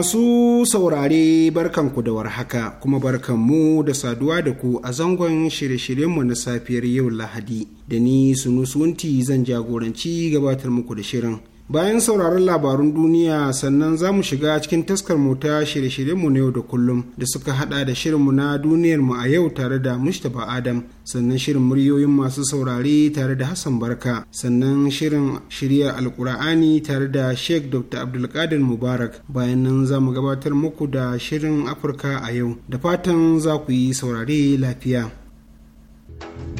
Masu saurare barkanku da warhaka kuma barkanmu da saduwa da ku a zangon shirye-shiryenmu na safiyar yau Lahadi. Da ni Sunusunti zan jagoranci gabatar muku da shirin. bayan sauraron labarun duniya sannan za mu shiga cikin taskar mota shirye-shiryenmu na yau da kullum da suka hada da shirinmu na duniyar mu a yau tare da Mustapha Adam sannan shirin muryoyin masu saurare tare da Hassan Barka sannan shirin shirya Alkur'ani tare da Sheikh Dr. Abdulkadir Mubarak bayan nan za mu gabatar muku da shirin Afirka a yau da fatan za ku yi saurare lafiya. thank you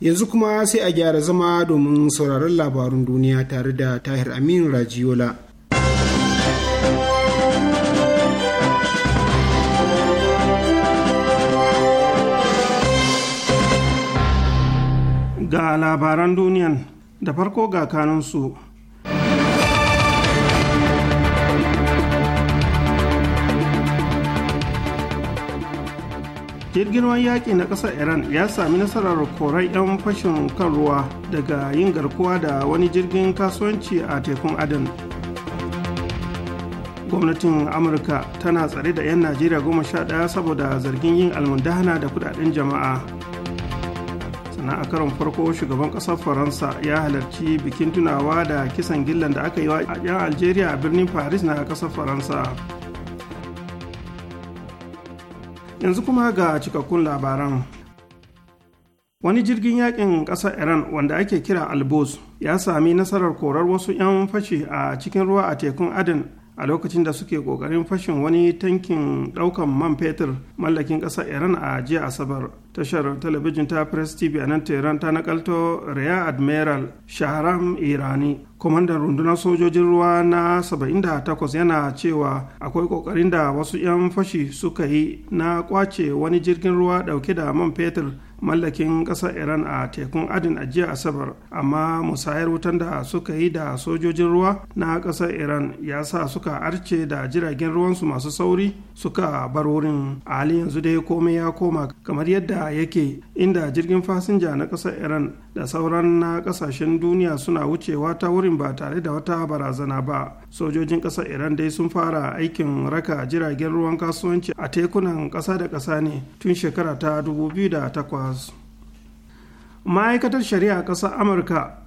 yanzu kuma sai a gyara zama domin sauraron labarun duniya tare da tahir amin rajiyola ga labaran duniyan da farko ga kanunsu jirgin ruwan yaƙi na ƙasar iran ya sami nasarar korai 'yan fashin kan ruwa daga yin garkuwa da wani jirgin kasuwanci a tekun adan gwamnatin amurka tana tsare da 'yan najeriya goma sha ɗaya saboda zargin yin almundahana da kudaden jama'a sannan a karon farko shugaban ƙasar faransa ya halarci bikin tunawa da kisan gillan da aka yi wa 'yan algeria a birnin paris na ƙasar faransa yanzu kuma ga cikakkun labaran wani jirgin yakin ƙasar iran wanda ake kira albos ya sami nasarar korar wasu 'yan fashi a cikin ruwa a tekun aden a lokacin da suke kokarin fashin wani tankin daukan man fetur mallakin ƙasar iran a jiya asabar tashar talabijin ta press tv a nan tehran ta nakalto rear admiral shahram irani kwamandan rundunar sojojin ruwa na 78 yana cewa akwai kokarin da wasu 'yan fashi suka yi na kwace wani jirgin ruwa dauke da man fetur mallakin ƙasar iran a tekun adin a jiya asabar amma musayar wutan da suka yi da sojojin ruwa na ƙasar iran ya sa suka arce da jiragen ruwansu masu sauri suka bar wurin a halin yanzu dai komai ya koma kamar yadda yake inda jirgin fasinja na ƙasar iran da sauran na ƙasashen duniya suna wucewa ta wurin ba tare da wata barazana ba sojojin ƙasar iran dai sun fara aikin raka jiragen ruwan kasuwanci a tekunan ƙasa da ƙasa ne tun shekara ta dubu biyu da 2008 su ma'aikatar shari'a ƙasar amurka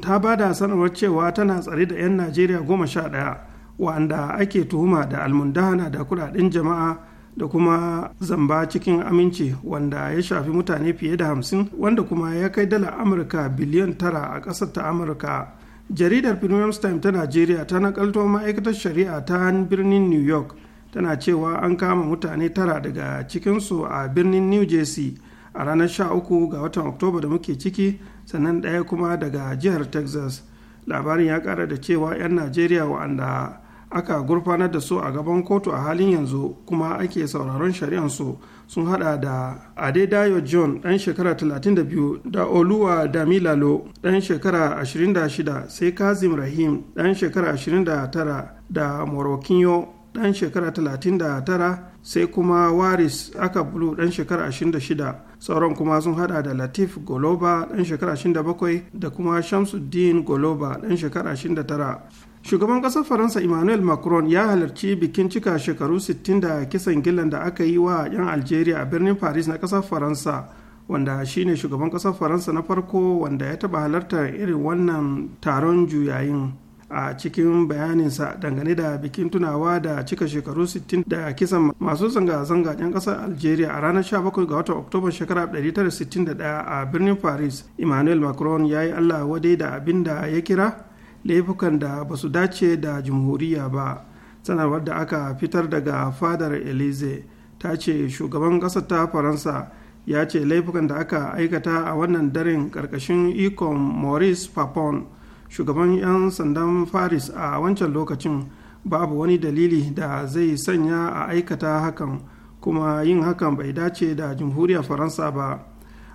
ta ba da sanarwar cewa tana tsare da 'yan najeriya goma sha ɗaya wanda ake tuhuma da almundahana da kudaden jama'a da kuma zamba cikin aminci wanda ya shafi mutane fiye da hamsin wanda kuma ya kai dala amurka biliyan tara a ƙasar ta amurka jaridar premium time ta najeriya ta nakalto ma'aikatar shari'a ta birnin new york tana cewa an kama mutane tara daga cikinsu a birnin new jersey a ranar 13 ga watan oktoba da muke ciki sannan ɗaya kuma daga jihar texas labarin ya ƙara da cewa 'yan najeriya wa'anda aka gurfanar da su a gaban kotu a halin yanzu kuma ake sauraron shari'ansu sun hada da adedayo john dan shekara 32 da oluwa damilalo dan shekara 26 sai kazim rahim dan shekara 29 da morokinyo dan shekara 39 sai kuma waris aka bulu dan shekara 26 sauran kuma sun hada da latif goloba dan shekara 27 da kuma shamsuddin goloba dan shekara 29 shugaban kasar faransa emmanuel macron ya halarci bikin cika shekaru 60 da kisan gillan da aka yi wa 'yan algeria a birnin paris na kasar faransa wanda shine shugaban kasar faransa na farko wanda ya taba halartar irin wannan taron juyayin a cikin bayaninsa dangane da bikin tunawa da cika shekaru 60 da kisan masu zanga-zanga 'yan ƙasar algeria a ranar 17 ga watan oktoba shekara 1961 a birnin paris emmanuel macron ya yi allah wadai da abin da ya kira laifukan da ba su dace da jamhuriya ba sanarwar da aka fitar daga fadar elize ta ce shugaban ƙasar ta faransa ya ce laifukan da aka aikata a wannan daren ƙarƙashin ikon maurice papon shugaban 'yan sandan faris a wancan lokacin babu wani dalili da zai sanya a aikata hakan kuma yin hakan bai dace da jamhuriyar faransa ba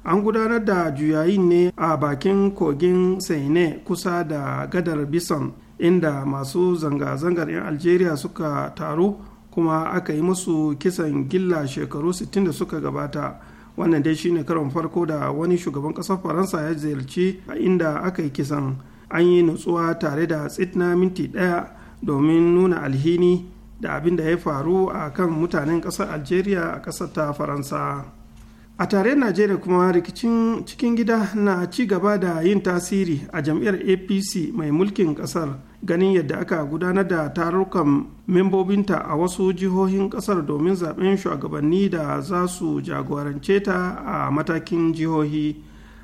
an gudanar da juyayin ne a bakin kogin seine kusa da gadar bison inda masu zanga-zangar 'yan algeria suka taru kuma aka yi musu kisan gilla shekaru 60 da suka gabata wannan dai shine karon farko da wani shugaban ƙasar faransa ya ziyarci a inda aka yi kisan an yi nutsuwa tare da tsitna minti ɗaya domin nuna alhini da abin da ya faru a kan mutanen ƙasar algeria a ƙasar ta faransa a tare najeriya kuma rikicin cikin gida na ci gaba da yin tasiri a jam'iyyar apc mai mulkin ƙasar ganin yadda aka gudanar da tarukan membobinta a wasu jihohin ƙasar domin zaben shugabanni da za su jagorance ta a matakin jihohi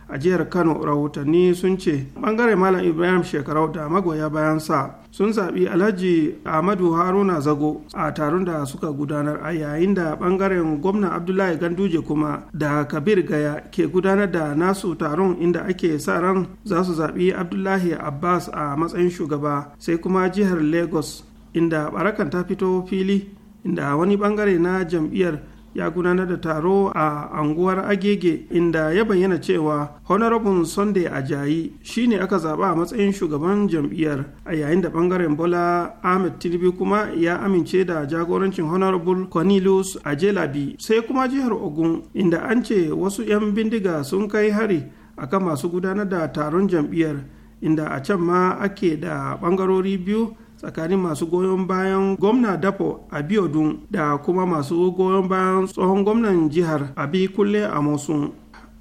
a jihar kano rahotanni sun ce bangare malam ibrahim shekarau da magoya bayan sa sun zaɓi alhaji ahmadu haruna zago a taron da suka gudanar a yayin da bangaren gwamna abdullahi ganduje kuma da kabir gaya ke gudanar da nasu taron inda ake sa ran za su zaɓi abdullahi abbas a matsayin shugaba sai kuma jihar lagos inda barakan ta fito fili inda wani bangare na jam'iyyar ya gudanar da taro a anguwar agege inda ya bayyana cewa honorable sunday ajayi shine aka zaba a matsayin shugaban jam'iyyar a yayin da bangaren bola ahmed tinubu kuma ya amince da jagorancin honorable cornelius ajelabi sai kuma jihar ogun inda an ce wasu 'yan bindiga sun kai hari akan masu gudanar da taron jam'iyyar inda a can ma ake da bangarori biyu tsakanin masu goyon bayan gwamna a abiodun da kuma masu goyon bayan tsohon gwamnan jihar abi kulle a mosun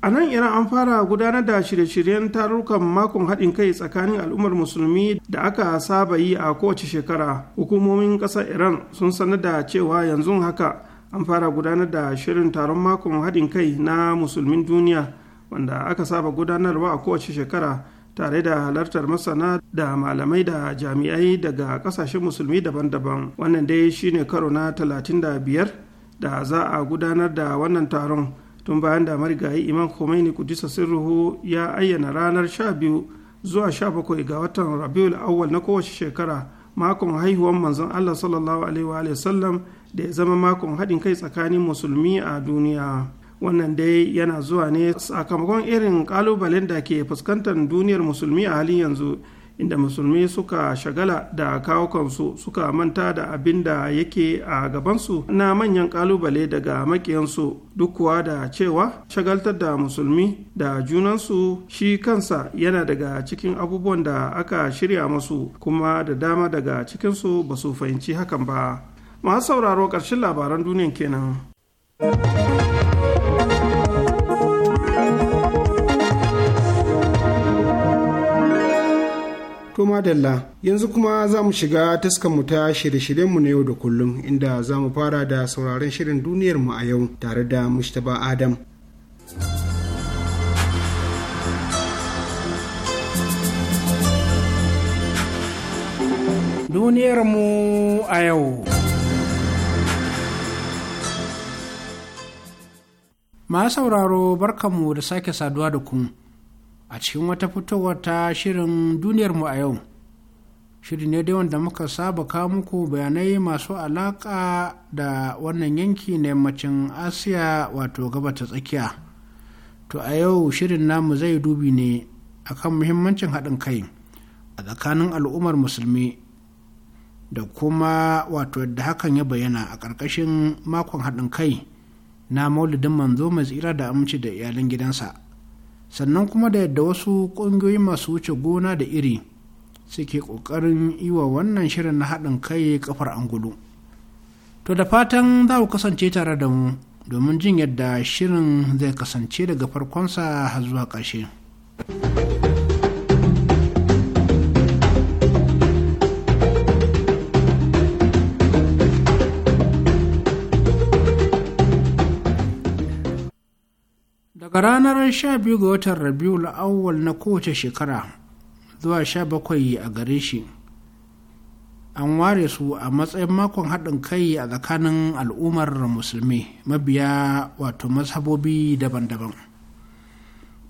a nan iran an fara gudanar da shirye-shiryen tarurrukan makon haɗin kai tsakanin al'ummar musulmi da aka saba yi a kowace shekara hukumomin ƙasar iran sun sanar da cewa yanzu haka an fara gudanar da shirin taron makon haɗin kai na musulmin duniya wanda aka saba gudanarwa a kowace shekara tare da halartar masana da malamai da jami'ai daga kasashen musulmi daban-daban wannan dai shine karo na 35 da za a gudanar da wannan taron tun bayan da marigayi imam khomeini kudisa sirruhu ya ayyana ranar 12 zuwa 17 ga watan rabiul awwal na kowace shekara makon haihuwan manzon allah sallallahu alaihi wa sallam da ya zama makon haɗin kai tsakanin musulmi a duniya wannan dai yana zuwa ne sakamakon irin kalubalen da ke fuskantar duniyar musulmi a halin yanzu inda musulmi suka shagala da kawo kansu suka manta da abin da yake a gabansu na manyan kalubale daga makiyansu duk kuwa da cewa shagaltar da musulmi da junansu shi kansa yana daga cikin abubuwan da aka shirya musu kuma da dama daga cikinsu ba su fahimci hakan ba masu sauraro ƙarshen labaran duniyan kenan. To madalla yanzu kuma za mu shiga mu ta shirye-shiryenmu na yau da kullum inda za mu fara da sauraron shirin duniyar mu a yau tare da Mustapha Adam. Duniyar mu a yau. Ma sauraro barkanmu da sake saduwa da ku. a cikin wata fitowar ta shirin duniyar mu a yau shiri ne dai wanda muka saba ka muku bayanai masu alaƙa da wannan yanki na yammacin asiya wato gaba ta tsakiya to a yau shirin namu zai dubi ne akan muhimmancin haɗin kai a tsakanin al'ummar musulmi da kuma wato yadda hakan ya bayyana a ƙarƙashin makon haɗin kai na maulidin manzo mai tsira da amince da iyalin gidansa sannan kuma da yadda wasu ƙungiyoyi masu wuce gona da iri suke ƙoƙarin yi wa wannan shirin na haɗin kai kafar angulu to da fatan za ku kasance tare da mu domin jin yadda shirin zai kasance daga farkonsa har zuwa ƙarshe. daga ranar 12 ga watan rabiul awwal na kowace shekara zuwa 17 a gare shi an ware su a matsayin makon haɗin kai a tsakanin al'ummar musulmi mabiya wato mazhabobi daban-daban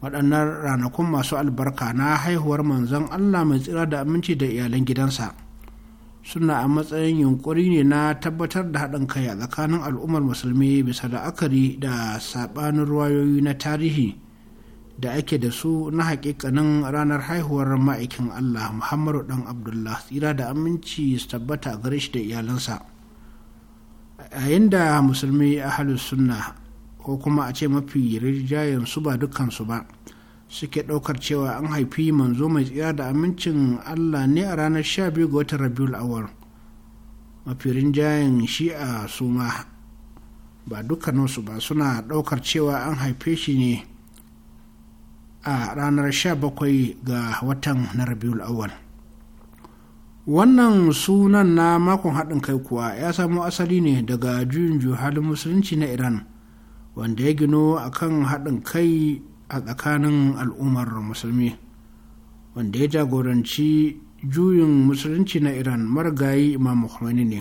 waɗannan ranakun masu albarka na haihuwar manzon allah mai tsira da aminci da iyalan gidansa suna a matsayin yunkuri ne na tabbatar da haɗin kai a tsakanin al'ummar musulmi bisa la'akari da saɓanin ruwayoyi na tarihi da ake da su na haƙiƙanin ranar haihuwar ma'aikin allah muhammadu dan abdullah tsira da aminci su tabbata gare shi da iyalansa yayin da musulmi ahalus sunna ko kuma a ce mafi rijiyar su ba dukansu ba suke ɗaukar cewa an haifi manzo mai tsira da amincin allah ne a ranar sha biyu ga watan rabiul awal mafirin jayin shi'a su ma ba dukkaninsu ba suna ɗaukar cewa an haife shi ne a ranar sha bakwai ga watan na rabiul awal wannan sunan na makon haɗin kai kuwa ya samo asali ne daga juyin juhalin musulunci na iran wanda ya gino akan haɗin kai a tsakanin al'ummar musulmi wanda ya jagoranci juyin musulunci na iran marigayi imam khomeini ne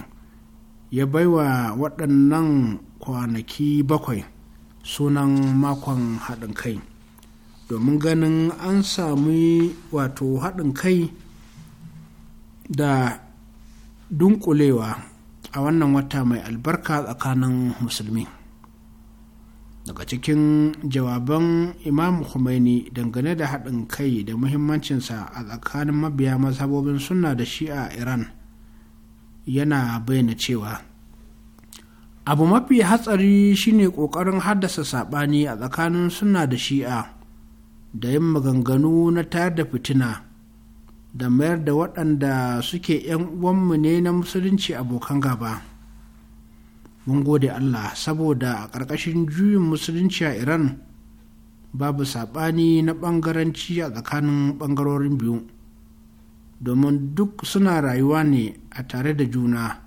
ya baiwa waɗannan kwanaki bakwai sunan makon haɗin kai domin ganin an sami wato haɗin kai da dunkulewa a wannan wata mai albarka tsakanin musulmi daga cikin jawaban imam khomeini dangane da haɗin kai da muhimmancinsa a tsakanin mabiya mazhabobin sunna da shi'a iran yana bayyana cewa abu mafi hatsari shine ƙoƙarin haddasa saɓani a tsakanin sunna da shi'a da yin maganganu na tayar da fitina da mayar da waɗanda suke 'yan uwanmu ne na musulunci abokan gaba. mun gode allah saboda a ƙarƙashin juyin musulunci a iran babu saɓani na ɓangaranci a tsakanin ɓangarorin biyu domin duk suna rayuwa ne a tare da juna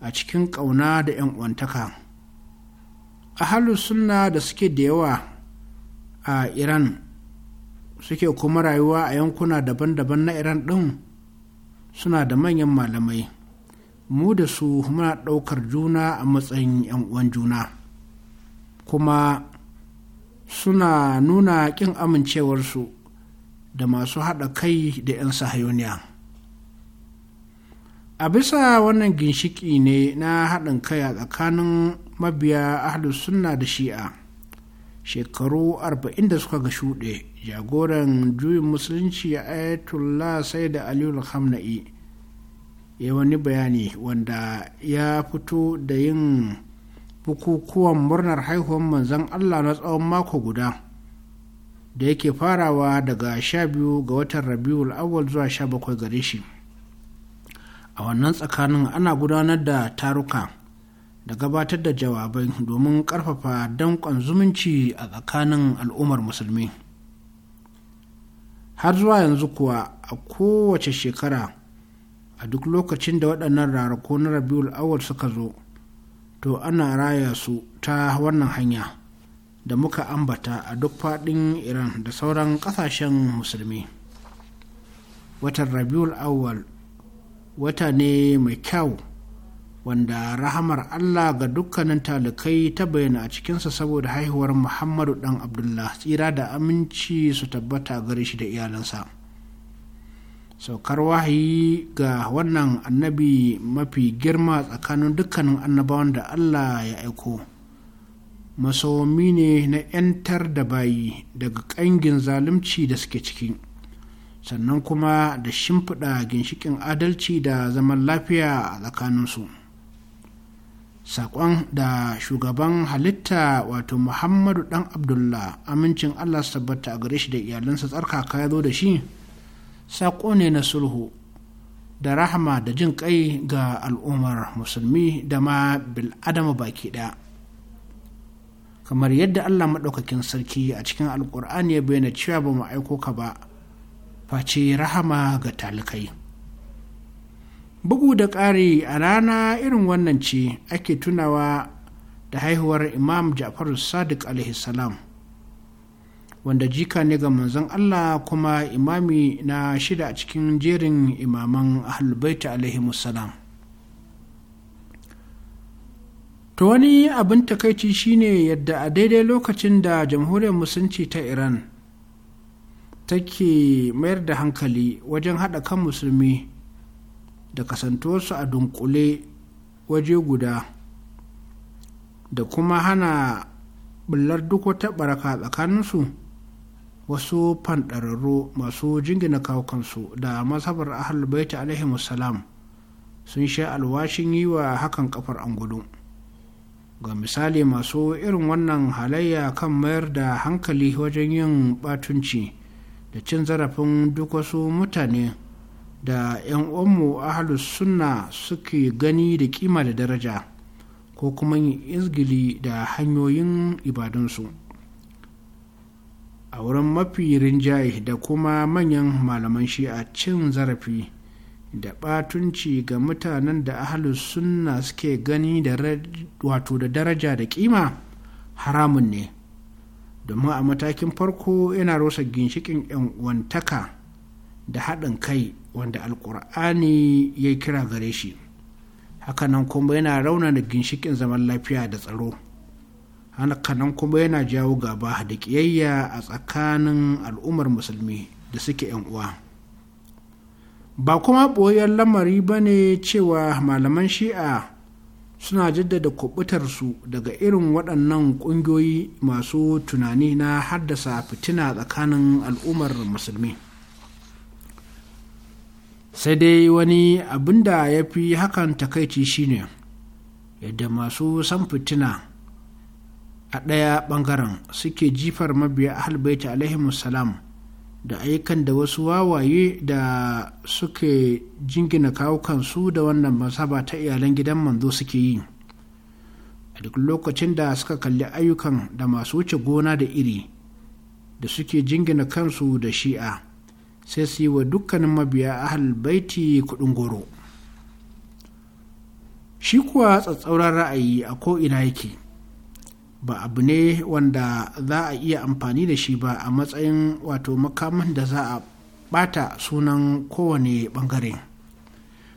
a cikin ƙauna da 'yan uwantaka halu suna da suke da yawa a iran suke kuma rayuwa a yankuna daban-daban na iran ɗin suna da manyan malamai mu da su muna ɗaukar juna a matsayin 'yan uwan juna kuma suna nuna ƙin amincewarsu da masu haɗa kai da 'yan sahayoniya a bisa wannan ginshiki ne na haɗin kai a tsakanin mabiya ahlus sunna da shi'a shekaru 40 da suka ga shuɗe jagoran juyin musulunci ayatollah sai da aliyu khamna'i ya wani bayani wanda ya fito da yin bukukuwan murnar haihuwar manzon allah na tsawon mako guda da yake farawa daga 12 ga watan rabiul awwal zuwa 17 gare shi a wannan tsakanin ana gudanar da taruka da gabatar da jawabai domin karfafa danƙon zumunci a tsakanin al'ummar musulmi har zuwa yanzu kuwa a kowace shekara a duk lokacin da waɗannan rarako na rabiul awal suka zo to ana raya su ta wannan hanya da muka ambata a duk faɗin iran da sauran ƙasashen musulmi watan rabiul awal wata ne mai kyau wanda rahamar allah ga dukkanin talikai ta bayyana a cikinsa saboda haihuwar muhammadu dan abdullah tsira da aminci su tabbata gare shi da iyalansa saukar wahayi ga wannan annabi mafi girma tsakanin dukkanin annabawan da allah ya aiko masomi ne na 'yantar da bayi daga ƙangin zalunci da suke ciki sannan kuma da shimfiɗa ginshikin adalci da zaman lafiya a tsakaninsu saƙon da shugaban halitta wato muhammadu ɗan abdullah amincin allah sabbata a gare shi da iyalinsa tsarkaka ya zo da shi saƙo ne na sulhu da rahama da jin ƙai ga al'ummar musulmi da ma bil'adama baki ɗaya kamar yadda allah maɗaukakin sarki a cikin Alƙur'ani ya bayyana cewa ba mu aiko ka ba face rahama ga talikai bugu da ƙari a rana irin wannan ce ake tunawa da haihuwar imam ja'far sadiq alaihi salam wanda jika ne ga manzon Allah kuma imami na shida a cikin jerin imaman ahlulbaita alaihi musalam. To wani abin takaici shine yadda a daidai lokacin da jamhuriyar musulunci ta Iran take mayar da hankali wajen haɗa kan musulmi da kasantuwarsu a dunkule waje guda da kuma hana bullar duk wata baraka tsakaninsu. wasu fanɗararru masu jingina kawukansu da mazhabar ahal baita alaihi salam sun sha alwashin yi wa hakan kafar angulu ga misali masu irin wannan halayya kan mayar da hankali wajen yin batunci da cin zarafin duk wasu mutane da 'yan uwanmu ahalus sunna suke gani da kima da daraja ko kuma yin izgili da hanyoyin ibadunsu. a wurin mafi rinjaye da kuma manyan malaman shi'a cin zarafi da ɓatunci ga mutanen da ahalus sunna suke gani da wato da daraja da kima haramun ne domin a matakin farko yana rosa ginshikin 'yan uwantaka da haɗin kai wanda alkur'ani ya kira gare shi hakanan kuma yana raunana ginshikin zaman lafiya da tsaro hakanan kuma yana jawo gaba da ƙiyayya a tsakanin al'ummar musulmi da suke yan uwa ba kuma ɓoyar lamari ba ne cewa malaman shi'a suna jaddada kubutarsu daga irin waɗannan ƙungiyoyi masu tunani na haddasa fitina tsakanin al'ummar musulmi sai dai wani abin da ya fi hakan takaici shine yadda masu san fitina a ɗaya ɓangaren suke jifar mabiya ahalbaita musalam da ayyukan da wasu wawaye da suke jingina kawo kansu da wannan masaba ta iyalan gidan manzo suke yi a duk lokacin da suka kalli ayyukan da masu wuce gona da iri da suke jingina kansu da shi'a sai su yi wa dukkanin mabiya ahal baiti kudin goro shi kuwa tsatsauran ra'ayi a ko'ina yake ba abu ne wanda za a iya amfani da shi ba a matsayin wato makamin da za a bata sunan kowane bangare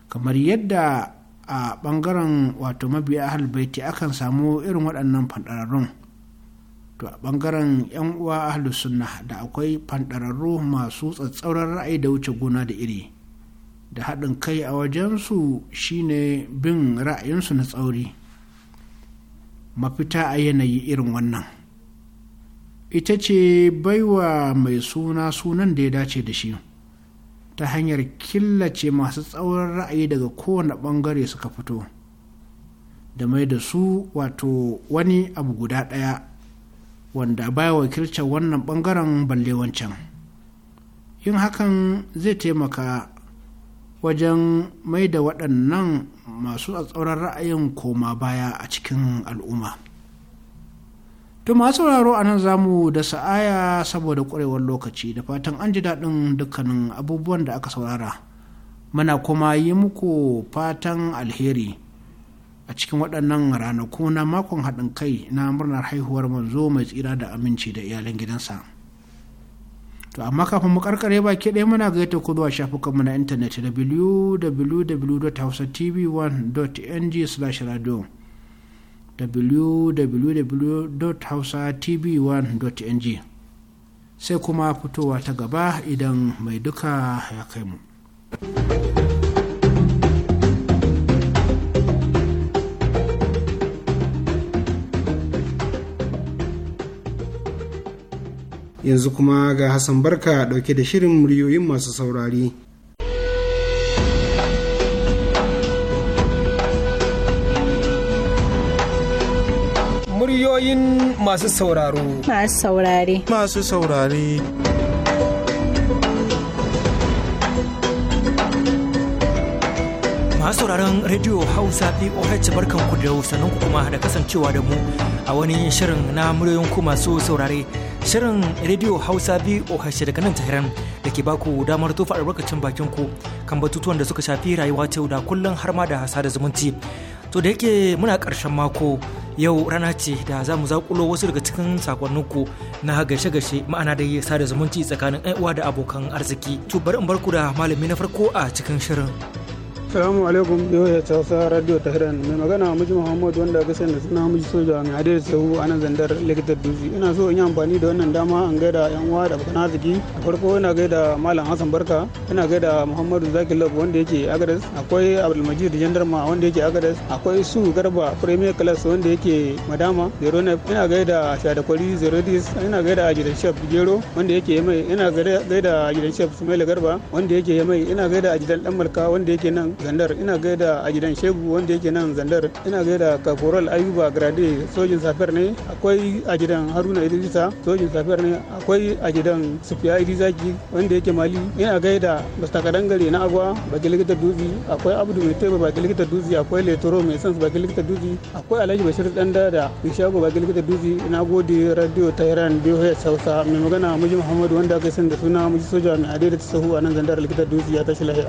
kamar yadda a bangaren wato mabiya ahalbaiti akan samu irin waɗannan fanɗararrun to a bangaren yan uwa ahalus sunna da akwai fanɗararru masu tsatsauran ra'ayi da wuce gona da iri da haɗin kai a wajensu shine bin ra'ayinsu na tsauri mafita a yanayi irin wannan ita ce baiwa mai suna sunan da ya dace da shi ta hanyar killace masu tsaurin ra'ayi daga kowane ɓangare suka fito da mai da su wato wani abu guda ɗaya wanda baya wakiltar wannan ɓangaren balle wancan yin hakan zai taimaka wajen mai da waɗannan masu tsatsauran ra'ayin koma baya a cikin al'umma. To masu sauraro a nan zamu da sa'aya saboda ƙwarewar lokaci da fatan an ji daɗin dukkanin abubuwan da aka saurara. Muna kuma yi muku fatan alheri a cikin waɗannan ranaku na makon haɗin kai na murnar haihuwar manzo mai tsira da aminci da iyalan gidansa. to amma kafin mu karkare baki ɗaya muna gaita ku zuwa shafukanmu na intanet www.hausatv1.ng/radio www.hausatv1.ng sai kuma fitowa ta gaba idan mai duka ya kai mu. yanzu kuma ga hassan barka dauke da shirin muryoyin masu saurari muryoyin masu sauraro masu saurare masu saurare masu sauraron radio hausa poh barkan ku da sannan ku kuma da kasancewa da mu a wani shirin na muryoyin ku masu saurare shirin radio hausa poh daga nan tahiran da ke baku damar tofa albarkacin bakin ku kan batutuwan da suka shafi rayuwa ta da kullum har ma da sada zumunci to da yake muna karshen mako yau rana ce da za mu zakulo wasu daga cikin ku na gashe-gashe ma'ana da sada zumunci tsakanin uwa da abokan arziki to bari in barku da malami na farko a cikin shirin Salamu alaikum yau ya tausa radio Tehran mai magana muji Muhammad wanda aka sanda suna muji soja mai adai sahu a nan zandar likitar dutse ina so in yi amfani da wannan dama an gaida yan uwa da abokan arziki a farko ina gaida malam Hassan Barka ina gaida Muhammadu Zaki Lab wanda yake Agadas akwai Abdulmajid Jandarma wanda yake Agadas akwai Su Garba Premier Class wanda yake Madama Zero Nef ina gaida Shadakwari Zero Dis ina gaida ajidan Shef Gero wanda yake yamai ina gaida ajidan Shef Sumaila Garba wanda yake yamai ina gaida Ajidan Dan Malka wanda yake nan zandar ina gaida a gidan shegu wanda yake nan zandar ina gaida kaforal ayuba grade sojin safiyar ne akwai a gidan haruna idrisa sojin safiyar ne akwai a gidan sufiya idrisaki wanda yake mali ina gaida mr kadangare na agwa baki likita duzi akwai abdu mai teba baki likita duzi akwai letoro mai sans baki likita duzi akwai alhaji bashir dan dada shago baki likita duzi ina gode radio tehran biyu hausa mai magana muji muhammadu wanda aka sani da suna muji soja mai adai da sahu a nan zandar likita duzi ya tashi lahiya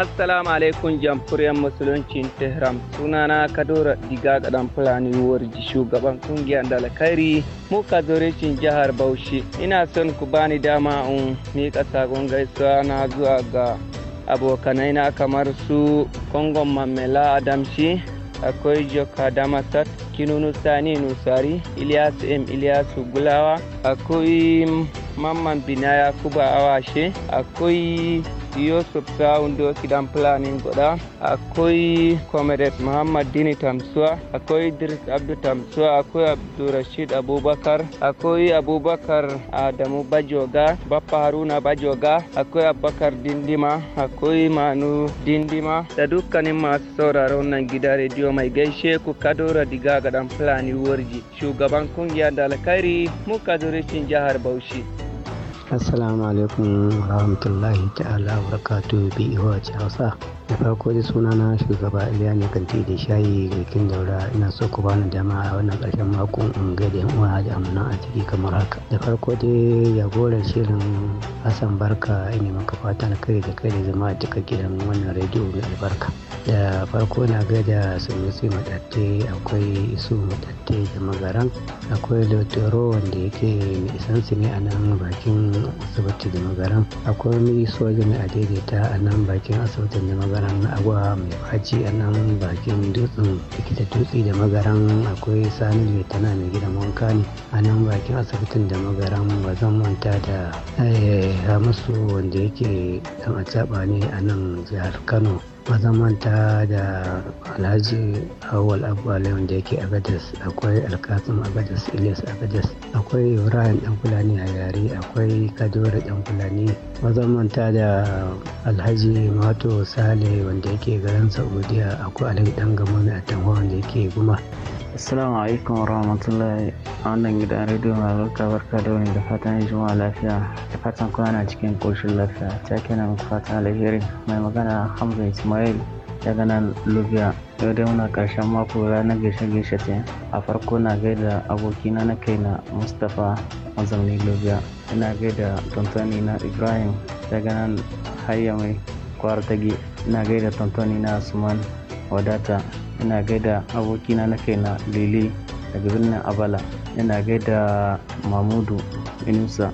Assalamu alaikum jamhuriyar musuluncin Tehran sunana Kadura Diga Gadan Fulani Warji shugaban kungiyar Dalakari muka zorecin jihar Bauchi ina son ku bani dama in miƙa sakon gaisuwa na zuwa ga abokanai na kamar su Kongon Mamela Adamshi akwai Joka Damasat Kinunu Sani Nusari Ilyasu M Ilyasu Gulawa akwai Mamman Binaya Kuba Awashe akwai yo sobsa undo o planning goda akoi akwai comrade muhammad dini tamsuwa akwai idris abdu tamsuwa akwai Rashid abubakar akwai abubakar adamu bajoga bappa haruna bajoga akwai abubakar dindima akwai manu dindima da dukkanin masu sauraron nan gida rediyo mai gaishe ku kadora diga gadan fulani warji shugaban kungiyar da alkhairi mu kaduricin jihar bauchi Assalamu alaikum rahmatullahi ta'ala barakatu bi iwa e Hausa. Da farko da suna na shugaba Iliya ne kanti da shayi rikin daura ina so ku bani dama a wannan ƙarshen mako in ga da uwa da amana a ciki kamar haka. Da farko dai ya gora shirin Hassan Barka ina maka fatan kai da kai da zama a duka gidan wannan rediyo mai albarka. da farko na gaida sanusi matatte akwai isu matatte da magaran akwai lotero wanda yake mai isansu ne a nan bakin asibiti da magaran akwai mai sojin a daidaita a nan bakin asibitin da magaran agwa mai faci a nan bakin dutsen likita dutse da magaran akwai sani mai tana mai gidan wanka ne a nan bakin asibitin da magaran ba zan manta da eh, hamisu wanda yake dan a ne a nan jihar kano mazamanta da alhaji awal abu da yake agadas akwai alkasim agadas ilis agadas akwai ibrahim dan fulani a yare akwai kadore dan fulani mazamanta da alhaji mato sale wanda yake garin saudiya akwai alhaji dan gama a tanwa wanda yake guma Assalamu alaikum wa rahmatullahi a gidan rediyo mai albarka barka da wani da fatan juma'a lafiya da fatan kwana cikin ƙoshin lafiya ta kenan muku fatan alheri mai magana hamza ismail daga nan lubiya yau dai muna karshen mako ranar gaishe-gaishe ta a farko na gaida abokina na kaina mustapha mazaunin lubiya ina gaida tantoni na ibrahim ya nan hayya mai kwartage ina gaida tantoni na suman wadata ina gaida abokina na kaina lele daga birnin abala ina gaida mamudu inusa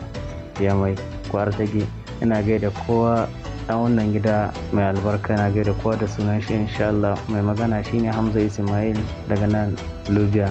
ya mai kwar tage ina gaida kowa a wannan gida mai albarka na gaida kowa da sunan shi inshallah mai magana shine Hamza Ismail daga nan Lubiya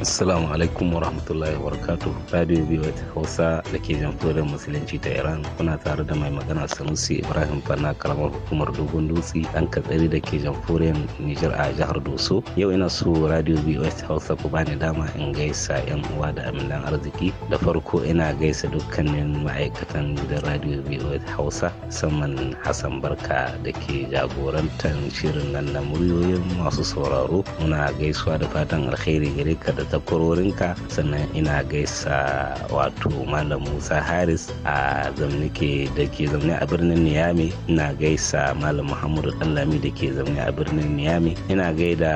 Assalamu alaikum wa rahmatullahi wa barakatuh. Radio BYT Hausa da ke jamfurin Musulunci ta Iran kuna tare da mai magana Sanusi Ibrahim Fana karamar hukumar Dogon Dutse dan katsari da ke jamfurin Nijar a jihar Doso. Yau ina so Radio BYT Hausa ku bani dama in gaisa yan uwa da aminan arziki. Da farko ina gaisa dukkanin ma'aikatan gidan Radio BYT Hausa musamman Hassan Barka da ke jagorantar shirin nan na muryoyin masu sauraro. Muna gaisuwa da fatan alkhairi gare ka da takwarorinka sannan ina gaisa wato malam musa haris a zamnike da ke zaune a birnin niyami ina gaisa malam muhammadu danlami da ke zaune a birnin niyami ina gaida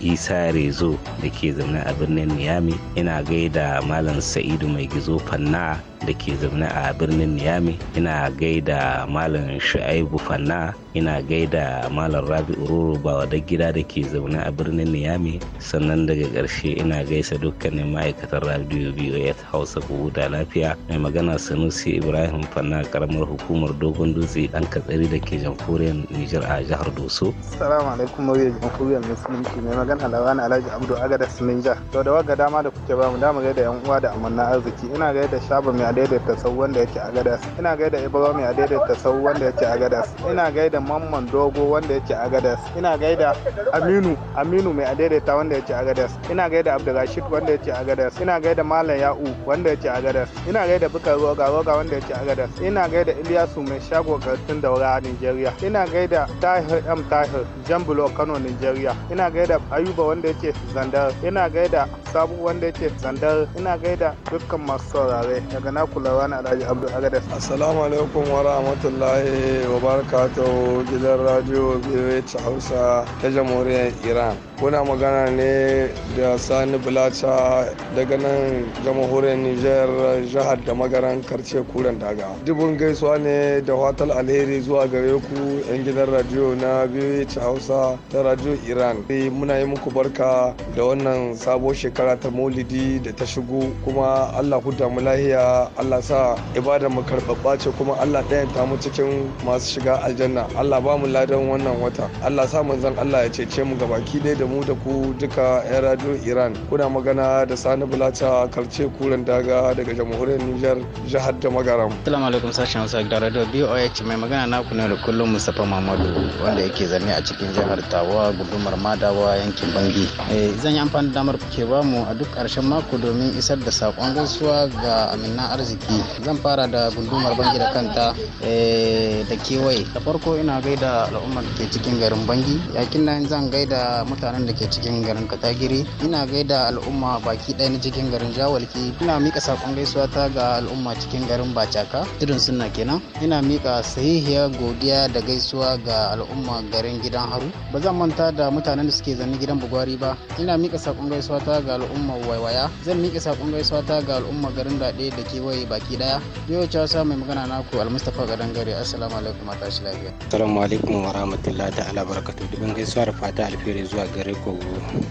isa rezo da ke zaune a birnin niyami ina gaida malam sa'idu mai gizo fanna da ke zaune a birnin niyami ina gaida malam shu'aibu fanna ina gaida malam rabi ururu wa da gida da ke zaune a birnin niyami sannan daga ƙarshe ina gaisa dukkanin ma'aikatan radio bos hausa ku da lafiya mai magana sanusi ibrahim fanna karamar hukumar dogon dutse dan katsari da ke jamhuriyar nijar a jihar doso salamu alaikum mawuyar jamhuriyar musulunci mai magana lawan alhaji abdu agada sininja to da waga dama da kuke ba mu dama gaida yan uwa da amanna arziki ina gaida shaba mai a daidaita sau wanda yake a gadas ina gaida ibrahim a daidaita sau wanda yake a gadas ina gaida mamman dogo wanda yake a gadas ina gaida aminu aminu mai a wanda yake a gadas ina gaida abdulrashid wanda yake a gadas ina gaida malam ya'u wanda yake a gadas ina gaida bukar roga roga wanda yake a gadas ina gaida iliyasu mai shago kartun daura a nigeria ina gaida tahir m tahir jambulo kano nigeria ina gaida ayuba wanda yake zandar ina gaida sabu wanda yake zandar ina gaida dukkan masu saurare daga na na kulawa na Alhaji Abdul Agadas. Assalamu alaikum wa rahmatullahi wa barakatuhu gidan radio ta Hausa ta Jamhuriyar Iran. muna magana ne da sani bulaca daga nan jamhuriyar niger jihar da magaran karce kuren daga dubun gaisuwa ne da watal alheri zuwa gare ku yan gidan radio na biyu hausa ta radio iran e, muna yi muku barka da wannan sabo shekara ta maulidi da ta shigo kuma allah ku damu lahiya allah sa ibada mu karɓaɓɓa ce kuma allah ɗayan ta mu cikin masu shiga aljanna allah ba mu ladan wannan wata allah sa zan allah ya cece mu gabaki dai da mu da ku duka 'yan radio Iran. Kuna magana da Sani bulata Karce Kuren Daga daga jamhuriyar Nijar jihar da Magaram. salamu alaikum sashen Hausa da radio BOH mai magana na kuna da kullum musafa Muhammadu wanda yake zanne a cikin jihar Tawa gudumar Madawa yankin Bangi. Eh, zan yi amfani da damar kuke bamu a duk karshen mako domin isar da saƙon gaisuwa ga amina arziki. Zan fara da gudumar Bangi da kanta eh, da kewaye. Da farko ina gaida al'ummar da ke cikin garin Bangi. Yakin nan zan gaida mutanen wanda ke cikin garin Katagiri. Ina gaida al'umma baki ɗaya na cikin garin Jawalki. Ina mika sakon gaisuwa ta ga al'umma cikin garin Bacaka, irin sunna kenan. Ina mika sahihiya godiya da gaisuwa ga al'umma garin gidan Haru. Ba zan manta da mutanen da suke zanne gidan Bugwari ba. Ina mika sakon gaisuwa ta ga al'umma Waiwaya. Zan mika sakon gaisuwa ta ga al'umma garin Daɗe da kewaye baki ɗaya. Yau cewa mai magana naku Almustapha Gadan Gare. Assalamu alaikum a tashi lafiya. Assalamu alaikum wa rahmatullahi ta'ala barakatu Dubin gaisuwa da fata alheri zuwa ga gare ku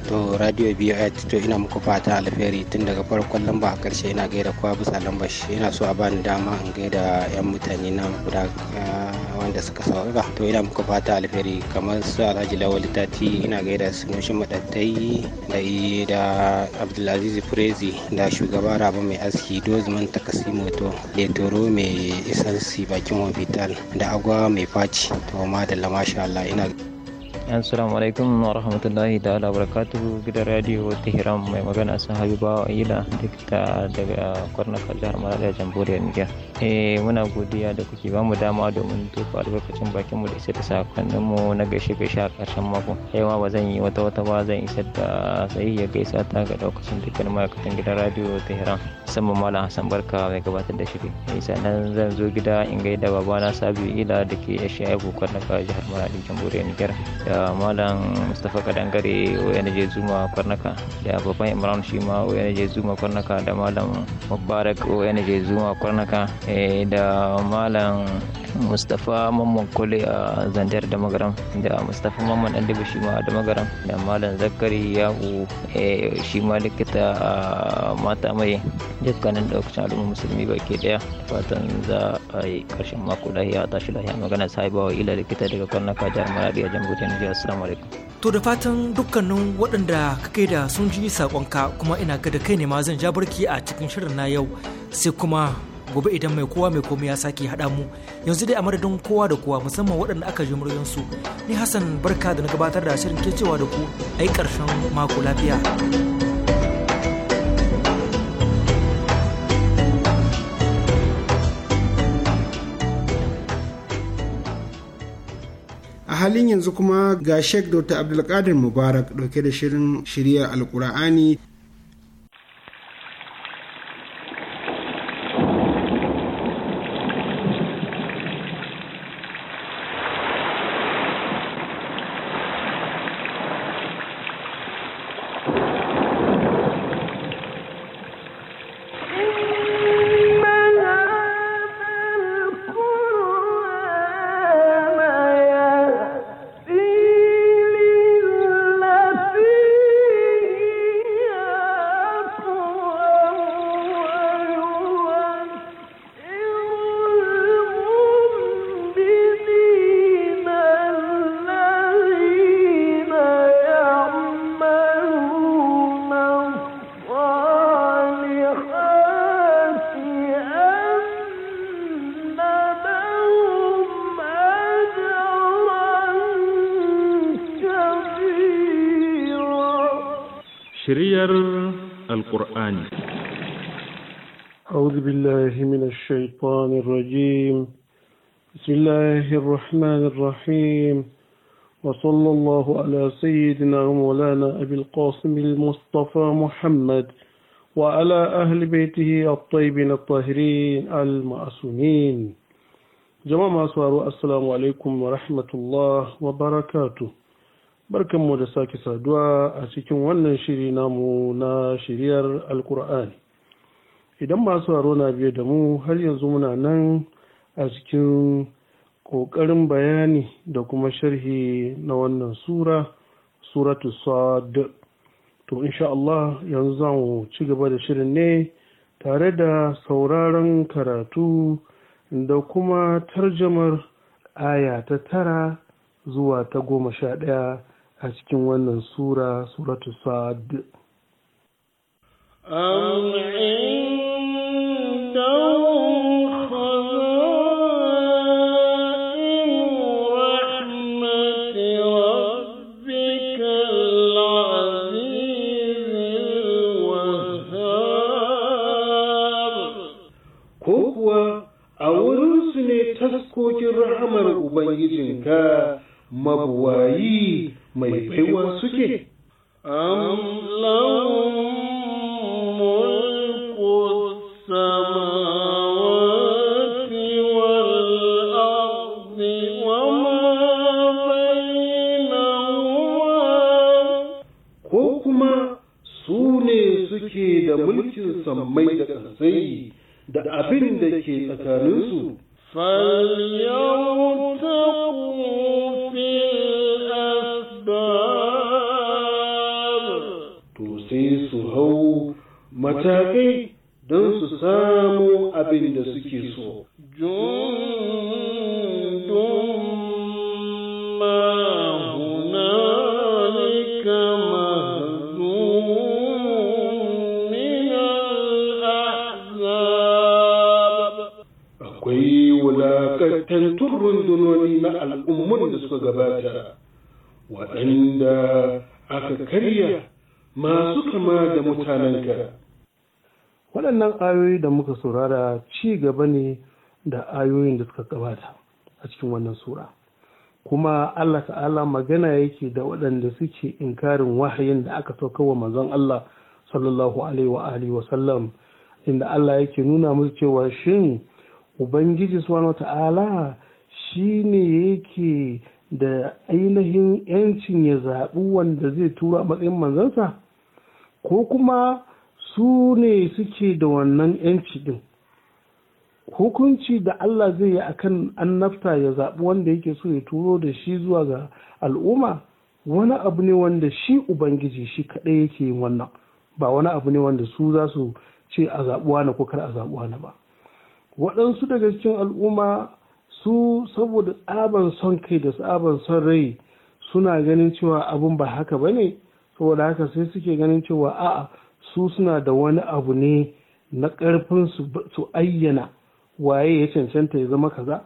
to radio to ina muku fata alheri tun daga farkon lamba a karshe ina gaida kowa bisa lamba shi ina so a bani dama in gaida yan mutane na guda ah, wanda suka saurara to ina muku fata alheri kamar su alhaji lawal tati ina gaida sunushin madattai da da abdulaziz prezi da shugaba rabu mai aski dozman takasimo to letoro mai isansi bakin hospital da agwa mai faci to ma da lamasha Allah ina assalamu alaikum wa rahmatullahi ala barakatu gidan radio tehran mai magana sun habiba ila dikta daga kwarnaka jihar malaya jamhuriyar niger eh muna godiya da kuke ba mu dama domin tofa albarkacin bakin mu da isa da sakonnin mu na gaishe gaishe a karshen mako yawa ma ba zan yi wata wata ba zan isa da sai ya gaisa ta ga daukacin dukkan ma'aikatan gidan radio tehran musamman malam hassan barka mai gabatar da shiri eh, sannan zan zo gida in gaida babana sabi ila da ke ya sha'ibu kwarnaka jihar malaya jamhuriyar niger da malam mustapha kadangare je zuma kwarnaka da babban imran shi ma je zuma kwarnaka da malam mubarak je zuma kwarnaka eh, da malam mustapha mamman kole a zandar da magaram da mustapha mamman dan shi ma da magaram da malam zakari yahu eh, shi ma likita a mata mai dukkanin daukacin al'umma musulmi baki daya fatan za a yi karshen mako lahiya a tashi lahiya magana sahiba wa ila likita daga karnaka jihar maradi a jamhuriyar nijar assalamu alaikum to da fatan dukkanin waɗanda kai da sun ji saƙonka kuma ina gada kai ne ma zan ja barki a cikin shirin na yau sai kuma gobe idan mai kowa mai komai ya sake haɗa mu yanzu dai a madadin kowa da kowa musamman waɗanda aka ji muryansu ni hassan barka da na gabatar da shirin cewa da ku a yi ƙarshen mako lafiya a halin yanzu kuma ga sheik dr abdulkadir mubarak dauke da shirin shirya alkur'ani الأثر القرآني أعوذ بالله من الشيطان الرجيم بسم الله الرحمن الرحيم وصلى الله على سيدنا مولانا أبي القاسم المصطفى محمد وعلى أهل بيته الطيبين الطاهرين المعصومين جماعة أسوار السلام عليكم ورحمة الله وبركاته mu da sake saduwa a cikin wannan shiri namu na shiriyar alkur'ani idan masu haro na biye da mu har yanzu muna nan a cikin ƙoƙarin bayani da kuma sharhi na wannan sura suratu sad to insha Allah yanzu za mu ci gaba da shirin ne tare da sauraron karatu da kuma tarjamar aya ta tara zuwa ta goma sha ɗaya a cikin wannan sura suratu sa'ad Ko kuwa a wurinsu ne taskokin rahamar Ubangijinka mabuwayi mai baiwa suke am mulku ma ko kuma su ne suke da mulkin sammai da ƙasai da abin da ke tsakaninsu فليرتقوا matakai don su samu abin da suke so. Akwai wulakantattun rundunoni na al'ummun da suka gabata, waɗanda aka karya masu kama da mutanenka. waɗannan ayoyi da muka saurara ci gaba ne da ayoyin da suka gabata a cikin wannan sura kuma Allah ta'ala magana yake da waɗanda suke inkarin wahayin da aka sauka wa manzon Allah sallallahu alaihi wa wa sallam inda Allah yake nuna musu cewa shin ubangiji subhanahu ta'ala shine yake da ainihin yancin ya zaɓi wanda zai tura matsayin manzansa ko kuma su ne suke da wannan yanci din hukunci da Allah zai yi a akan annabta ya zaɓi wanda yake so ya turo da shi zuwa ga al'umma wani abu ne wanda shi ubangiji shi kaɗai yake yin wannan ba wani abu ne wanda su za su ce a zaɓuwa na ko kar a zaɓuwa na ba waɗansu daga cikin al'umma su saboda tsaban son kai da tsaban son rai suna ganin cewa abun ba haka ba ne saboda haka sai suke ganin cewa a'a su suna da wani abu ne na ƙarfin su ayyana waye ya cancanta ya zama kaza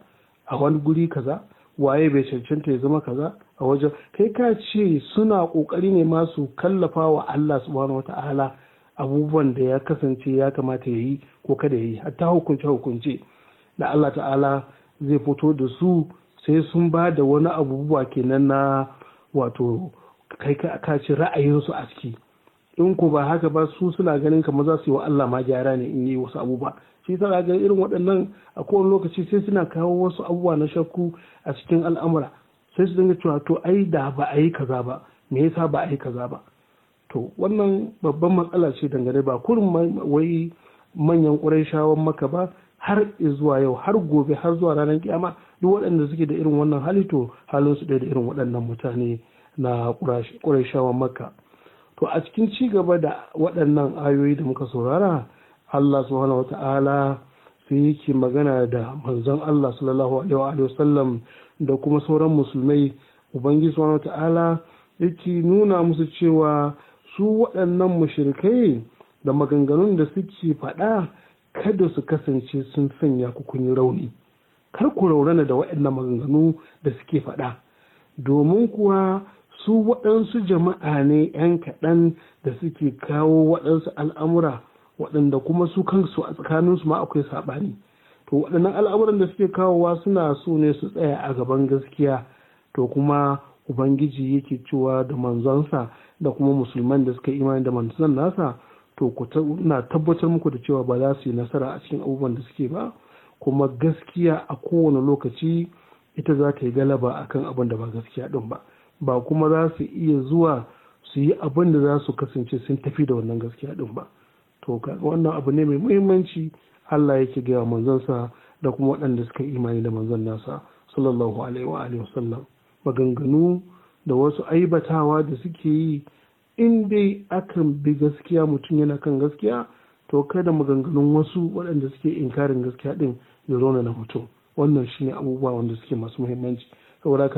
a wani guri kaza waye bai cancanta ya zama kaza a wajen kai ka ce suna ƙoƙari ne masu kallafa wa Allah subhanahu wata'ala abubuwan da ya kasance ya kamata ya yi ko kada ya yi hatta hukunce hukunce da Allah ta'ala zai fito da su sai sun ba da wani abubuwa kenan na wato kai ka ce, ra'ayinsu a ciki in ku ba haka ba su suna ganin kamar za su yi wa Allah ma gyara ne in yi wasu abubuwa shi ta ga irin waɗannan a kowane lokaci sai suna kawo wasu abubuwa na shakku a cikin al'amura sai su dinga cewa to ai da ba a yi kaza ba me yasa ba a yi kaza ba to wannan babban matsala ce dangane ba kurin wai manyan ƙurayshawan maka ba har zuwa yau har gobe har zuwa ranar kiyama duk waɗanda suke da irin wannan hali to halin su da irin waɗannan mutane na ƙurayshawan maka to a cikin ci gaba da waɗannan ayoyi da muka saurara Allah subhanahu wata'ala sai yake magana da manzon Allah sallallahu alaihi wa sallam da kuma sauran musulmai ubangiji subhanahu wata'ala yake nuna musu cewa su waɗannan mushrikai da maganganun da suke faɗa kada su kasance sun sanya ku kun rauni kar ku raurana da waɗannan maganganu da suke faɗa domin kuwa su waɗansu jama'a ne 'yan kaɗan da suke kawo waɗansu al'amura waɗanda kuma su kansu a tsakaninsu ma akwai saɓani to waɗannan al'amuran da suke kawowa suna so ne su tsaya a gaban gaskiya to kuma ubangiji yake cewa da manzonsa da kuma musulman da suka imani da manzon nasa to na tabbatar muku da cewa ba za su yi nasara a cikin abubuwan da suke ba kuma gaskiya a kowane lokaci ita za ta yi galaba akan abin da ba gaskiya ɗin ba ba kuma za su iya zuwa su yi abin da za su kasance sun tafi da wannan gaskiya din ba to wannan abu ne mai muhimmanci Allah yake gaya sa da kuma waɗanda suka imani da manzon nasa sallallahu alaihi wa alihi wasallam maganganu da wasu aibatawa da suke yi in dai akan bi gaskiya mutum yana kan gaskiya to kada maganganun wasu waɗanda suke inkarin gaskiya din ya zo na mutum wannan shine abubuwa wanda suke masu muhimmanci saboda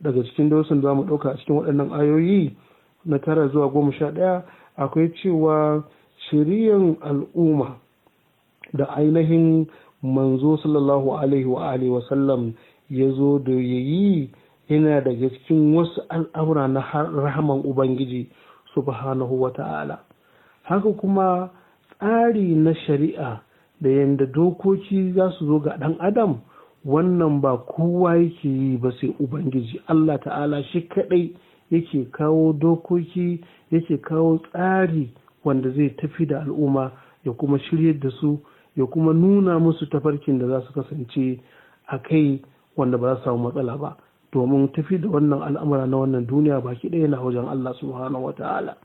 daga cikin darussan za mu ɗauka a cikin waɗannan ayoyi na tara zuwa goma sha ɗaya akwai cewa shiriyan al'umma da ainihin manzo sallallahu alaihi wa alihi wasallam ya zo da ya yi yana daga cikin wasu al'amura na rahaman ubangiji subhanahu wa ta'ala haka kuma tsari na shari'a da yadda dokoki za su zo ga ɗan adam wannan ba kowa yake yi ba sai ubangiji allah ta'ala shi kadai yake kawo dokoki yake kawo tsari wanda zai tafi da al'umma ya kuma shiryar da su ya kuma nuna musu tafarkin da za su kasance a kai wanda ba za su samu matsala ba domin tafi da wannan al'amura na wannan duniya baki ɗaya na wajen Allah subhanahu ta'ala.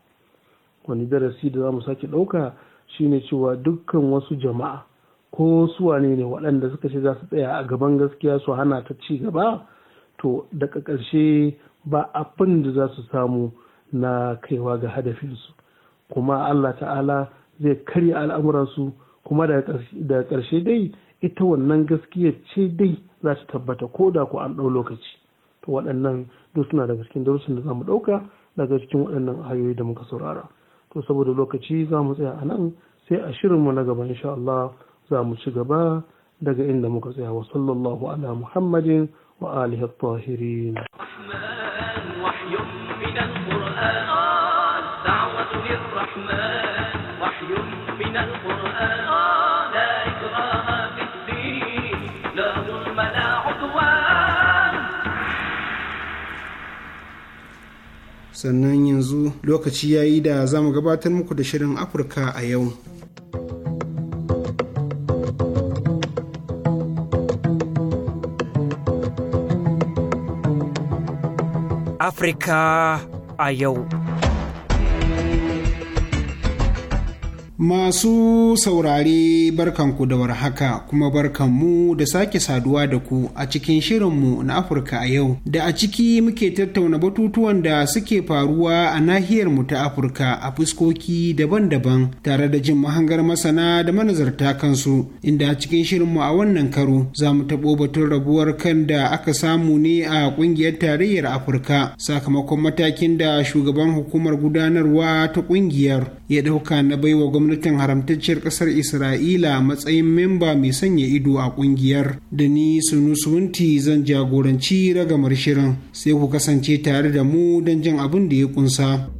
wani darasi da za mu sake ɗauka shine cewa dukkan wasu jama'a ko su wane ne waɗanda suka ce za su tsaya a gaban gaskiya su hana ta ci gaba to daga ƙarshe ba abin da za su samu na kaiwa ga hadafinsu kuma allah ta'ala zai karya al'amuransu kuma da ƙarshe dai ita wannan gaskiya ce dai za ta tabbata ko da ku an ɗau lokaci to waɗannan duk suna daga cikin darussan da za mu ɗauka daga cikin waɗannan ayoyi da muka saurara to saboda lokaci za mu tsaya a nan sai a shirinmu na gaba insha Allah za mu ci gaba daga inda muka tsaya wa sallallahu ala muhammadin wa alihi tahirin sannan yanzu lokaci ya yi da za mu gabatar muku da shirin afirka a yau Afirka a yau. Masu saurare barkanku da warhaka kuma barkanmu da sake saduwa da ku a cikin shirinmu na Afirka a yau da a ciki muke tattauna batutuwan da suke faruwa a nahiyar mu ta Afirka a fuskoki daban-daban tare da jin mahangar masana da manazarta kansu inda a cikin shirinmu a wannan karo za mu taɓo batun rabuwar kan da aka samu ne a ƙungiyar tarayyar Afirka sakamakon matakin da shugaban hukumar gudanarwa ta ƙungiyar ya ɗauka na baiwa gwamnati gwamnatin haramtacciyar ƙasar isra'ila matsayin memba mai sanya ido a ƙungiyar da ni sunusunti zan jagoranci ragamar shirin sai ku kasance tare da mu don jin abin da ya kunsa.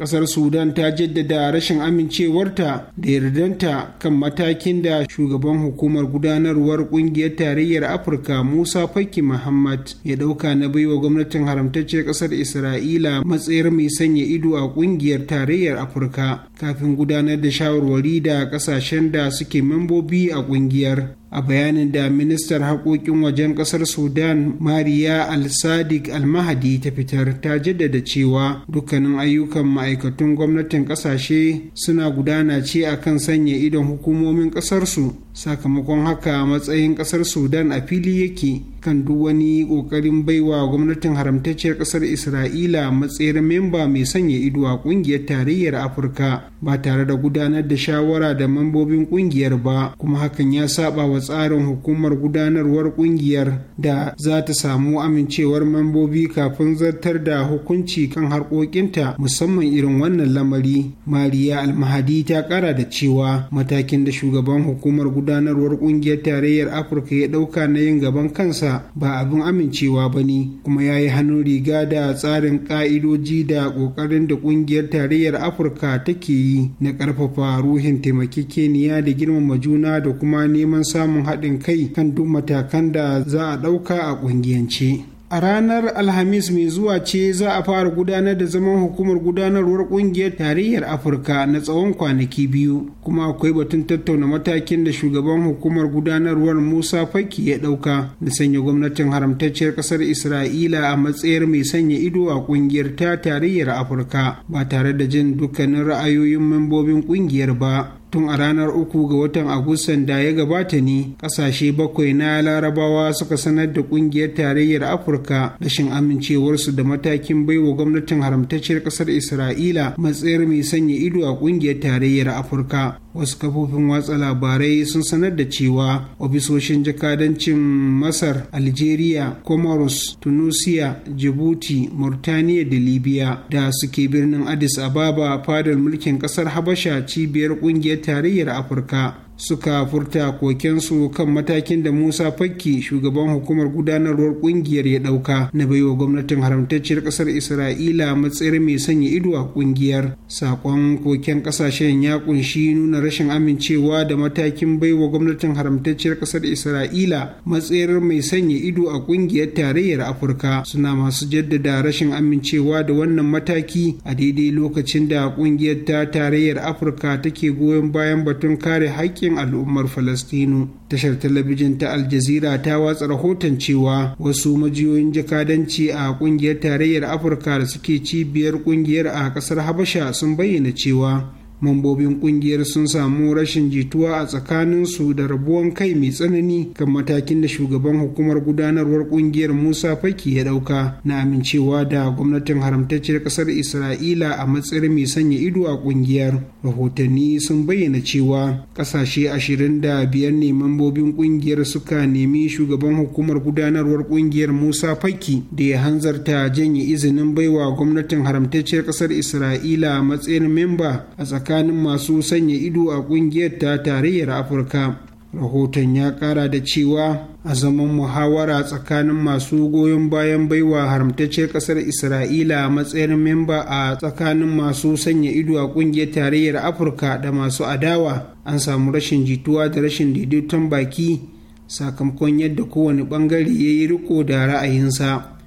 kasar sudan ta jaddada rashin amincewarta da yardanta kan matakin da shugaban hukumar gudanarwar kungiyar tarayyar afirka musa faki muhammad ya dauka na baiwa gwamnatin haramtacciyar kasar isra'ila matsayar mai sanya ido a kungiyar tarayyar afirka kafin gudanar da shawarwari da kasashen da suke membobi a kungiyar a bayanin da ministar haƙoƙin wajen ƙasar sudan mariya al-sadiq al-mahadi ta fitar ta jaddada cewa dukkanin ayyukan ma'aikatun gwamnatin ƙasashe suna gudana ce a kan sanya idon hukumomin ƙasarsu sakamakon haka matsayin ƙasar sudan a fili yake kan duk wani ƙoƙarin baiwa gwamnatin haramtacciyar ƙasar isra'ila matsayar memba mai sanya ido a ƙungiyar tarayyar afirka ba tare da gudanar da shawara da mambobin ƙungiyar ba kuma hakan ya saba wa tsarin hukumar gudanarwar kungiyar da za ta samu amincewar mambobi kafin zartar da hukunci kan harkokinta musamman irin wannan lamari mariya almahadi ta kara da cewa matakin da shugaban hukumar gudanarwar kungiyar tarayyar afirka ya dauka na yin gaban kansa ba abin amincewa ba ne kuma ya yi hannun riga da tsarin ka'idoji da kokarin da kungiyar tarayyar afirka take yi na ƙarfafa ruhin taimakekeniya da girmama juna da kuma neman samun samun haɗin kai kan duk matakan da za a ɗauka a ƙungiyance. a ranar alhamis mai zuwa ce za a fara gudanar da zaman hukumar gudanarwar ƙungiyar tarayyar afirka na tsawon kwanaki biyu kuma akwai batun tattauna matakin da shugaban hukumar gudanarwar musa faki ya ɗauka da sanya gwamnatin haramtacciyar kasar isra'ila a matsayar mai sanya ido a ƙungiyar ta tarayyar afirka ba tare da jin dukkanin ra'ayoyin membobin ƙungiyar ba tun a ranar uku ga watan agustan da ya gabata ne kasashe bakwai na larabawa suka sanar da kungiyar tarayyar afirka rashin amincewarsu da matakin baiwa gwamnatin haramtacciyar kasar isra'ila matsayar mai sanya ido a kungiyar tarayyar afirka wasu kafofin watsa labarai sun sanar da cewa ofisoshin jakadancin masar algeria comoros tunisia djibouti mauritania da libya da suke birnin addis ababa fadar mulkin kasar habasha cibiyar kungiyar tarayyar afirka suka furta kokensu kan matakin da musa fakki shugaban hukumar gudanarwar kungiyar ya dauka na baiwa gwamnatin haramtacciyar kasar isra'ila matsayar mai sanya ido a kungiyar sakon koken kasashen ya kunshi nuna rashin amincewa da matakin baiwa gwamnatin haramtacciyar kasar isra'ila matsayar mai sanya ido a kungiyar tarayyar afirka suna masu jaddada rashin amincewa da wannan mataki a daidai lokacin da kungiyar ta tarayyar afirka take goyon bayan batun kare haƙƙin haƙƙin al'ummar falastinu tashar talabijin ta aljazira ta watsa rahoton cewa wasu majiyoyin jakadanci a ƙungiyar tarayyar afirka da suke cibiyar ƙungiyar a ƙasar habasha sun bayyana cewa mambobin kungiyar sun samu rashin jituwa a tsakaninsu da rabuwan kai mai tsanani kan matakin da shugaban hukumar gudanarwar kungiyar musa faki ya dauka na amincewa da gwamnatin haramtacciyar kasar isra'ila a matsayin mai sanya ido a kungiyar rahotanni sun bayyana cewa kasashe ashirin da biyar ne mambobin kungiyar suka nemi shugaban hukumar gudanarwar kungiyar musa faki da ya hanzarta janye izinin baiwa gwamnatin haramtacciyar kasar isra'ila a matsayin memba a tsakanin tsakanin masu sanya ido a kungiyar ta tarayyar afirka rahoton ya kara da cewa a zaman muhawara tsakanin masu goyon bayan baiwa haramtacciyar kasar isra'ila a matsayin memba a tsakanin masu sanya ido a kungiyar tarayyar afirka da masu adawa an samu rashin jituwa da rashin daidaiton baki sakamakon yadda kowane bangare ya yi riko da ra'ayinsa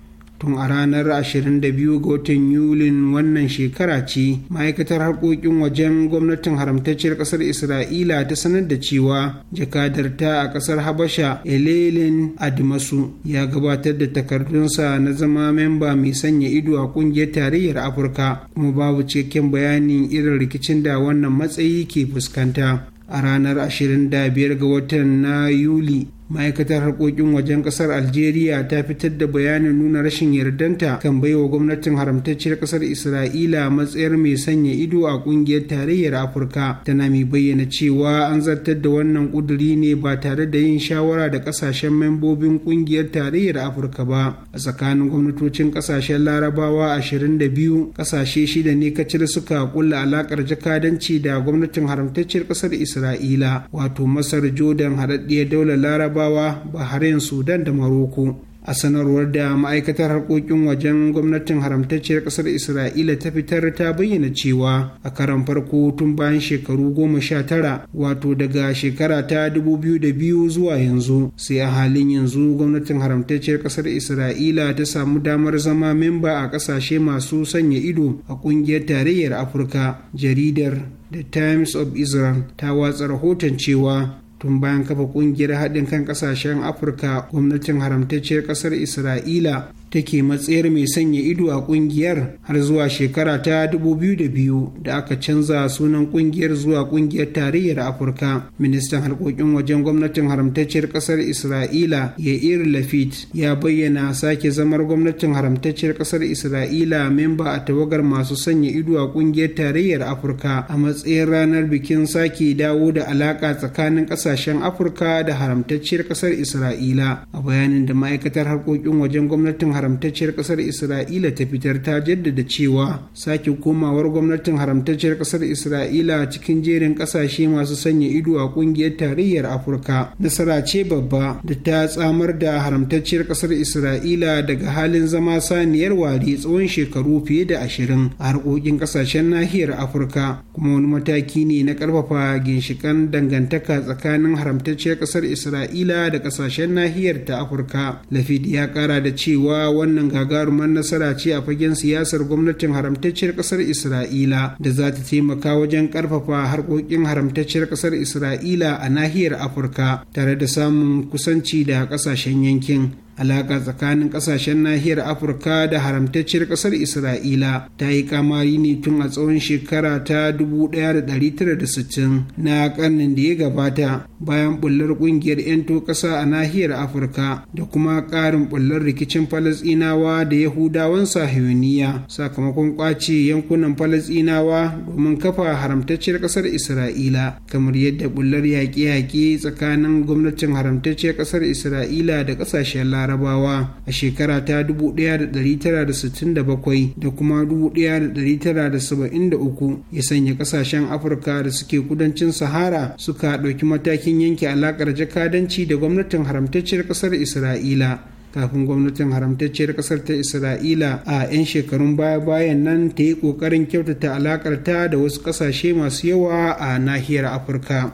tun a ranar 22 ga watan yulin wannan shekara ce ma'aikatar harkokin wajen gwamnatin haramtacciyar kasar isra'ila ta sanar da cewa jakadarta a kasar habasha elelin admasu ya gabatar da takardunsa na zama memba mai sanya ido a kungiyar tarayyar afirka kuma babu cikakken bayanin irin rikicin da wannan matsayi ke fuskanta a ranar 25 ga watan na yuli ma'aikatar harkokin wajen kasar algeria ta fitar da bayanin nuna rashin yardanta kan baiwa gwamnatin haramtacciyar kasar isra'ila matsayar mai sanya ido a kungiyar tarayyar afirka tana mai bayyana cewa an zartar da wannan kuduri ne ba tare da yin shawara da kasashen membobin kungiyar tarayyar afirka ba a tsakanin gwamnatocin kasashen larabawa 22 kasashe shida ne kacal suka kulla alakar jakadanci da gwamnatin haramtacciyar kasar isra'ila wato masar jordan haɗaɗɗiyar daular laraba larabawa bahrain sudan da maroko a sanarwar da ma'aikatar harkokin wajen gwamnatin haramtacciyar kasar isra'ila ta fitar ta bayyana cewa a karan farko tun bayan shekaru goma sha tara wato daga shekara ta dubu biyu da biyu zuwa yanzu sai a halin yanzu gwamnatin haramtacciyar kasar isra'ila ta samu damar zama memba a kasashe masu sanya ido a kungiyar tarayyar afirka jaridar The Times of Israel ta watsa rahoton cewa tun bayan kafa kungiyar haɗin kan ƙasashen afirka gwamnatin haramtacciyar ƙasar isra'ila take matsayar mai sanya ido a kungiyar har zuwa shekara ta 2002 da aka canza sunan kungiyar zuwa kungiyar tarayyar afirka ministan harkokin wajen gwamnatin haramtacciyar kasar isra'ila yair lafit ya bayyana sake zamar gwamnatin haramtacciyar kasar isra'ila memba a tawagar masu sanya ido a kungiyar tarayyar afirka a matsayin ranar bikin sake dawo da alaka tsakanin kasashen afirka da haramtacciyar kasar isra'ila a bayanin da ma'aikatar harkokin wajen gwamnatin haramtacciyar kasar isra'ila ta fitar ta jaddada cewa sake komawar gwamnatin haramtacciyar kasar isra'ila cikin jerin kasashe masu sanya ido a kungiyar tarayyar afirka nasara ce babba da ta tsamar da haramtacciyar kasar isra'ila daga halin zama saniyar ware tsawon shekaru fiye da ashirin a harkokin kasashen nahiyar afirka kuma wani mataki ne na karfafa ginshikan dangantaka tsakanin haramtacciyar kasar isra'ila da kasashen nahiyar ta afirka lafid ya kara da cewa wannan gagarumar nasara ce a fagen siyasar gwamnatin haramtacciyar kasar isra'ila da za ta taimaka wajen karfafa harkokin haramtacciyar kasar isra'ila a nahiyar afirka tare da samun kusanci da kasashen yankin alaka tsakanin kasashen nahiyar afirka da haramtacciyar kasar isra'ila ta yi kamari ne tun a tsawon shekara ta 1960 na karnin da ya gabata bayan bullar kungiyar 'yan kasa a nahiyar afirka da kuma karin bullar rikicin falasinawa da yahudawan sahiyoniya sakamakon kwace yankunan falasinawa domin kafa haramtacciyar kasar isra'ila kamar yadda bullar yaƙe-yaƙe tsakanin gwamnatin haramtacciyar kasar isra'ila da kasashen larabawa a shekara ta 1967 da kuma 1973 ya sanya kasashen afirka da suke kudancin sahara suka ɗauki matakin yanke alaƙar jakadanci da gwamnatin haramtacciyar ƙasar isra'ila kafin gwamnatin haramtacciyar kasar ta isra'ila a 'yan shekarun baya-bayan nan ta yi ƙoƙarin kyautata ta da wasu ƙasashe masu yawa a nahiyar afirka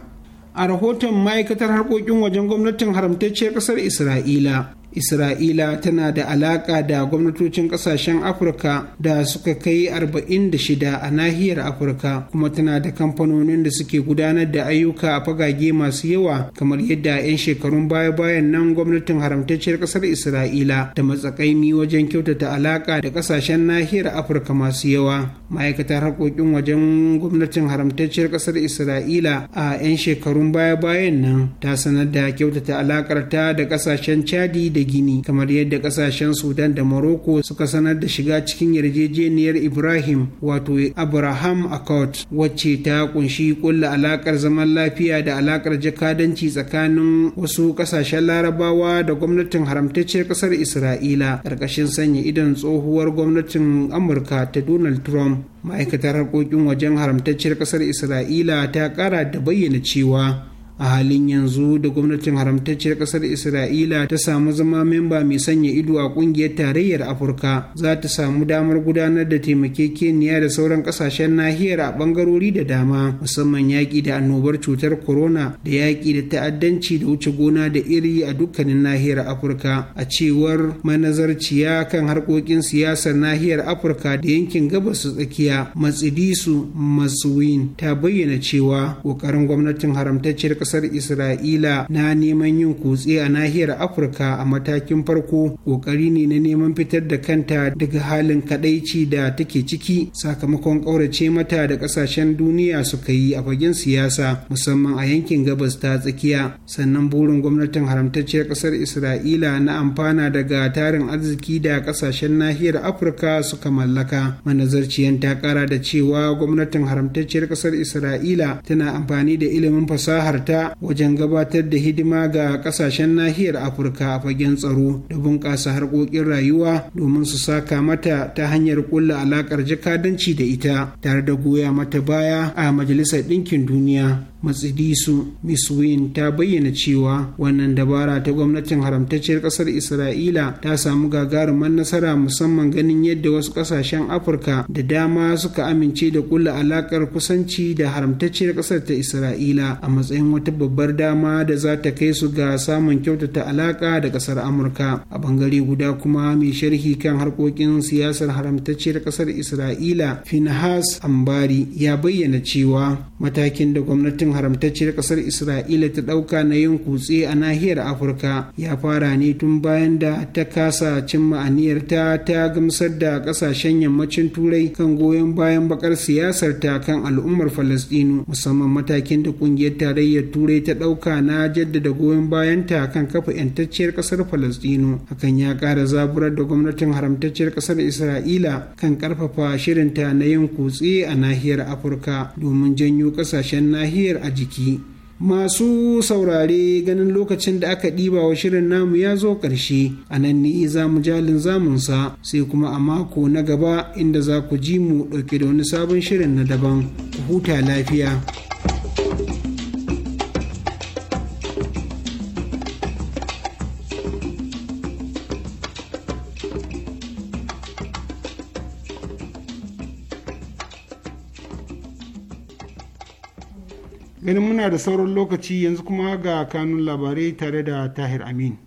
a rahoton ma'aikatar harkokin wajen gwamnatin haramtacciyar kasar isra'ila isra'ila tana da alaƙa da gwamnatocin ƙasashen afirka da suka kai 46 a nahiyar afirka kuma tana da kamfanonin da suke gudanar da ayyuka a fagage masu yawa kamar yadda 'yan shekarun baya-bayan nan gwamnatin haramtacciyar ƙasar isra'ila da matsakaimi wajen kyautata alaƙa da ƙasashen nahiyar afirka masu yawa ma'aikatar harkokin wajen gwamnatin haramtacciyar ƙasar isra'ila a 'yan shekarun baya-bayan nan ta sanar da kyautata alaƙar ta da ƙasashen chadi da da gini kamar yadda kasashen sudan da morocco suka sanar da shiga cikin yarjejeniyar ibrahim wato abraham accord wacce ta kunshi kulla alakar zaman lafiya da alakar jakadanci tsakanin wasu kasashen larabawa da gwamnatin haramtacciyar kasar isra'ila ƙarƙashin sanya idon tsohuwar gwamnatin amurka ta donald trump ma'aikatar harkokin wajen haramtacciyar kasar isra'ila ta ƙara da bayyana cewa a halin yanzu da gwamnatin haramtacciyar ƙasar isra'ila ta samu zama memba mai sanya ido a ƙungiyar tarayyar afirka za ta samu damar gudanar da taimakekeniya da sauran ƙasashen nahiyar a bangarori da dama musamman yaƙi da annobar cutar corona da yaƙi da ta'addanci da wuce gona da iri a dukkanin nahiyar afirka a cewar manazarciya kan harkokin siyasar nahiyar afirka da yankin gabas tsakiya matsidisu masuwin ta bayyana cewa ƙoƙarin gwamnatin haramtacciyar ƙasar isra'ila na neman yin kutse a nahiyar afirka a matakin farko ƙoƙari ne na neman fitar da kanta daga halin kadaici da take ciki sakamakon ƙaurace mata da ƙasashen duniya suka yi a fagen siyasa musamman a yankin gabas ta tsakiya sannan burin gwamnatin haramtacciyar ƙasar isra'ila na amfana daga tarin arziki da ƙasashen nahiyar afirka suka mallaka manazarciyan ta ƙara da cewa gwamnatin haramtacciyar ƙasar isra'ila tana amfani da ilimin fasaharta. wajen gabatar da hidima ga kasashen nahiyar afirka a fagen tsaro da bunƙasa harkokin rayuwa domin su saka mata ta hanyar ƙulla alaƙar jakadanci da ita tare da goya mata baya a majalisar ɗinkin duniya matsidisu miswin ta bayyana cewa wannan dabara ta gwamnatin haramtacciyar kasar isra'ila ta samu gagarumar nasara musamman ganin yadda wasu kasashen afirka da dama suka amince da kula alakar kusanci da haramtacciyar kasar ta isra'ila a matsayin wata ta babbar dama da za ta kai su ga samun kyautata alaka da kasar amurka a bangare guda kuma mai sharhi kan harkokin siyasar haramtacciyar kasar isra'ila finhas ambari ya bayyana cewa matakin da gwamnatin haramtacciyar kasar isra'ila ta ɗauka na yin kutse a nahiyar afirka ya fara ne tun bayan da ta kasa cimma ta ta gamsar da kasashen yammacin turai kan goyon bayan bakar siyasar ta kan al'ummar falastinu musamman matakin da kungiyar tarayyar turai ta ɗauka na jaddada goyon bayanta kan kafa 'yantacciyar ƙasar falastino hakan ya ƙara zaburar da gwamnatin haramtacciyar ƙasar isra'ila kan ƙarfafa shirinta na yin kutse a nahiyar afirka domin janyo ƙasashen nahiyar a jiki masu saurare ganin lokacin da aka ɗiba wa shirin namu ya zo ƙarshe a nan ni za mu jalin zamunsa sai kuma a mako na gaba inda za ku ji mu ɗauke da wani sabon shirin na daban ku huta lafiya. ganin muna da sauran lokaci yanzu kuma ga kanun labarai tare da tahir amin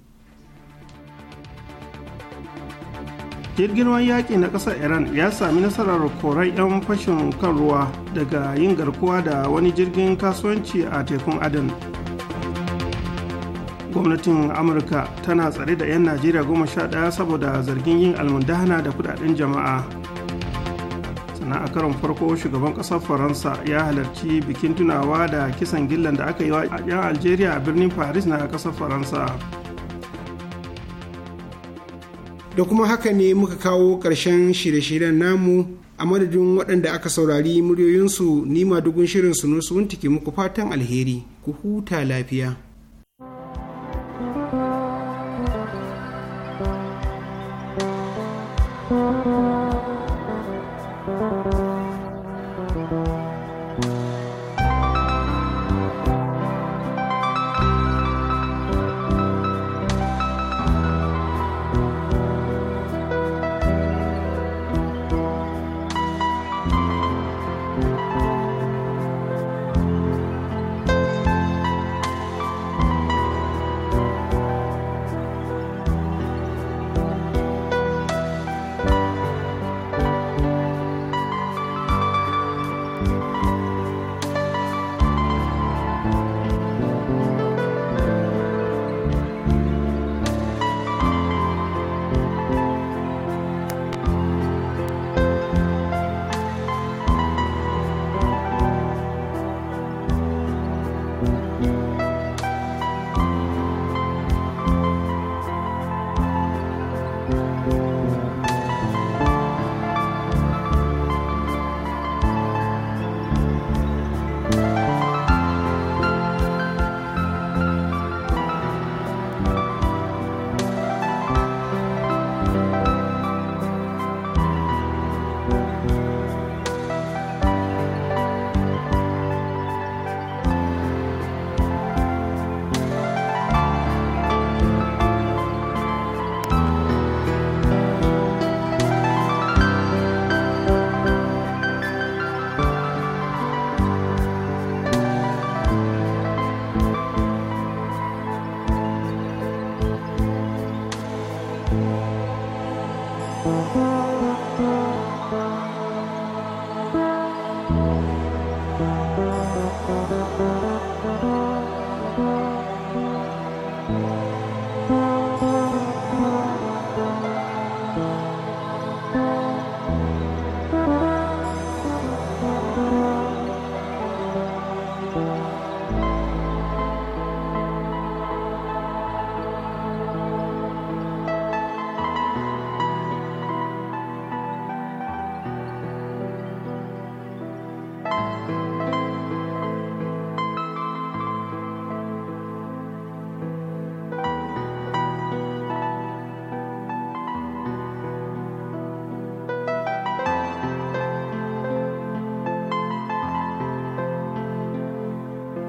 jirgin ruwan yaƙi na ƙasar iran ya sami nasarar korar 'yan fashin kan ruwa daga yin garkuwa da wani jirgin kasuwanci a tekun adan gwamnatin amurka tana tsare da 'yan najeriya goma sha ɗaya saboda zargin yin almundahana da kudaden jama'a karon farko shugaban kasar faransa ya halarci bikin tunawa da kisan gillan da aka yi wa 'yan algeria a birnin paris na kasar faransa da kuma haka ne muka kawo ƙarshen shirye-shiryen namu a madadin waɗanda aka saurari muryoyinsu nima dugun shirin sunusu ke muku fatan alheri ku huta lafiya